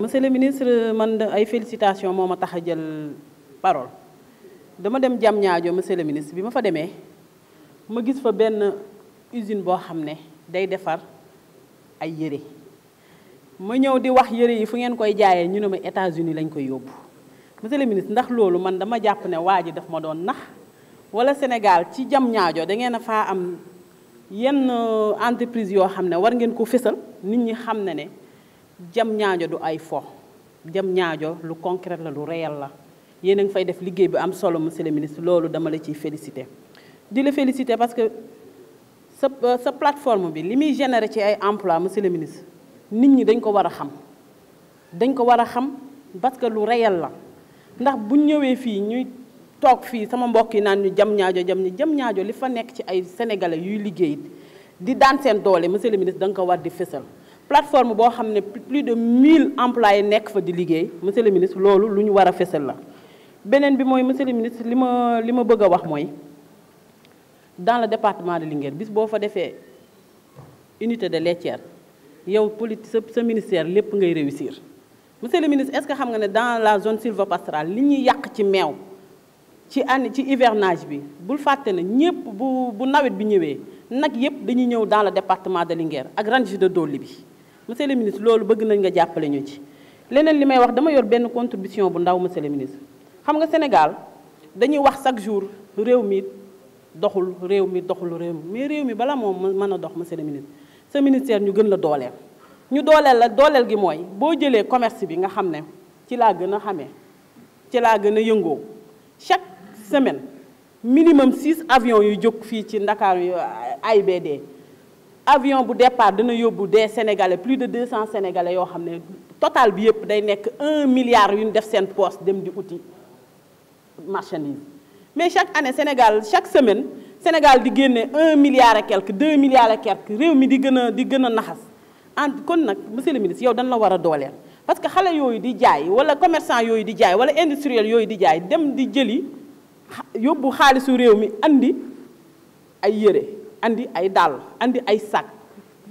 monsieur le ministre je félicitations pour ma parole dama dem monsieur le ministre je ma fa à ma gis fa une usine bo xam de day defar ay je ma de di wax yëre fu ngeen koy ñu ma États-Unis monsieur le ministre ndax man dama daf ma Sénégal ci jam da ngeen a entreprise war jam ñaajo du ay fo jam lu concret la lu réel la yéen a ngi fay def liggéey bu am solo monsieur le ministre loolu dama la féliciter la parce que euh, sa plateforme bi li muy ci ay monsieur le ministre nit ñi dañ ko war war parce que lu réel la ndax bu ñëwee fii ñuy toog fii sama mbokk yi ñu jam ñaajo li fa sénégalais di doole monsieur le ministre da plateforme bo xamné plus de 1000 employés nek fa di liguey monsieur le ministre loolu luñu wara fessel a fesal la beneen bi moy monsieur le ministre lima lima li bëgg wax moy dans le département de Linguère bis bo fa défé unité de laitière yow politique ce ministère lepp ngay réussir monsieur le ministre est-ce que xam nga né dans la zone sylvopastorale li yak ci méw ci an ci hivernage bi bul faté né ñepp bu bu nawet bi ñëwé nak yépp dañuy ñëw dans le département de Linguère ak range de Dolibi bi monsieur le ministre loolu bëgg nañ nga jàppale ñu ci leneen li may wax dama yor benn contribution bu ndaw monsieur le ministre xam nga Sénégal dañuy wax chaque jour réew mi doxul réew mi doxul réew mi mais réew mi bala moom mën a dox monsieur le ministre sa ministère ñu gën la dooleel ñu dooleel la dooleel gi mooy boo jëlee commerce bi nga xam ne ci laa gën a xame ci laa gën a yëngoo chaque semaine minimum six avions yu jóg fii ci Ndakaaru AIBD avion bu départ dina yóbbu des sénégalais plus de 200 sénégalais yo xamné total bi yépp day nekk 1 milliard yu def sen poste dem di uti marchandise mais chaque année Sénégal chaque semaine Sénégal di génne 1 milliard et quelque 2 milliards et quelque réew mi di gëna di gëna naxas en kon nak monsieur le ministre yow dañ la wara a parce que xalé yoyu di jaay wala commerçant yoyu di jaay wala industriel yoyu di jaay dem di jëli yóbbu xaalisu réew mi andi ay yéré andi ay dàll indi ay sac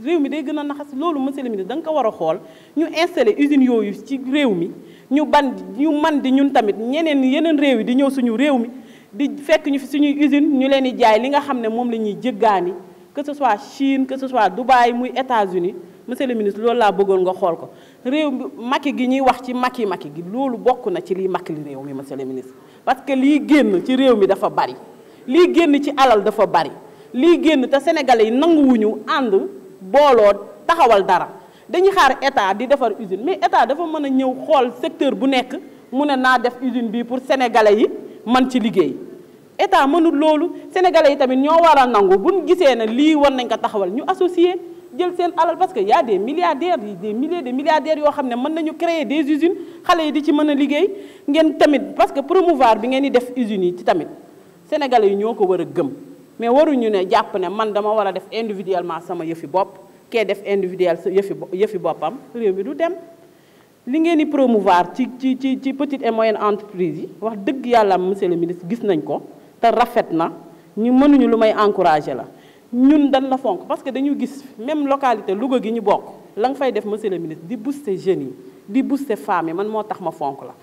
réew mi day gën a naxas loolu monsieur le ministre da nga ko war a xool ñu installé usines yooyu ci réew mi ñu ban ñu man di ñun tamit ñeneen yeneen réew yi di ñëw suñu réew mi di fekk ñu fi suñuy usine ñu leen di jaay li nga xam ne moom la ñuy jëggaani que ce soit Chine que ce soit Dubaï muy États-Unis monsieur le ministre loolu laa bëggoon nga xool ko réew mi gi ñuy wax ci Macky Macky gi loolu bokk na ci liy Macky li réew mi monsieur le parce que lii génn ci réew mi dafa bari lii génn ci alal dafa bari lii génn te sénégalais yi nanguwuñu ànd booloo taxawal dara dañu xaar état di defar usine mais état dafa mën a ñëw xool secteur bu nekk mu ne naa def usine bii pour sénégalais yi man ci liggéey état mënul loolu sénégalais yi tamit ñoo war a nangu buñ gisee ne lii war nañ ko taxawal ñu associé jël seen alal parce que y' a des milliardaires yi des milliers de milliardaires yoo xam ne mën nañu créer des usines xale yi di ci mën a liggéey ngeen tamit parce que promouvoir bi ngeen di usines yi ci tamit sénégalais yi ñoo ko war a gëm mais ñu né japp né man dama wara def individuellement sama yëfi bop ké def individuel sa yëfi yëfi boppam réew mi du dem li ngeen ni promouvoir ci ci ci ci petite et moyenne entreprise yi wax dëgg yàlla monsieur le ministre gis nañ ko te rafet na ñu mënuñu lu may encourager la ñun dañ la fonk parce que dañu gis même localité Louga gi ñu bokk la nga fay def monsieur le ministre di booster jeunes yi di booster femmes yi man moo tax ma fonk la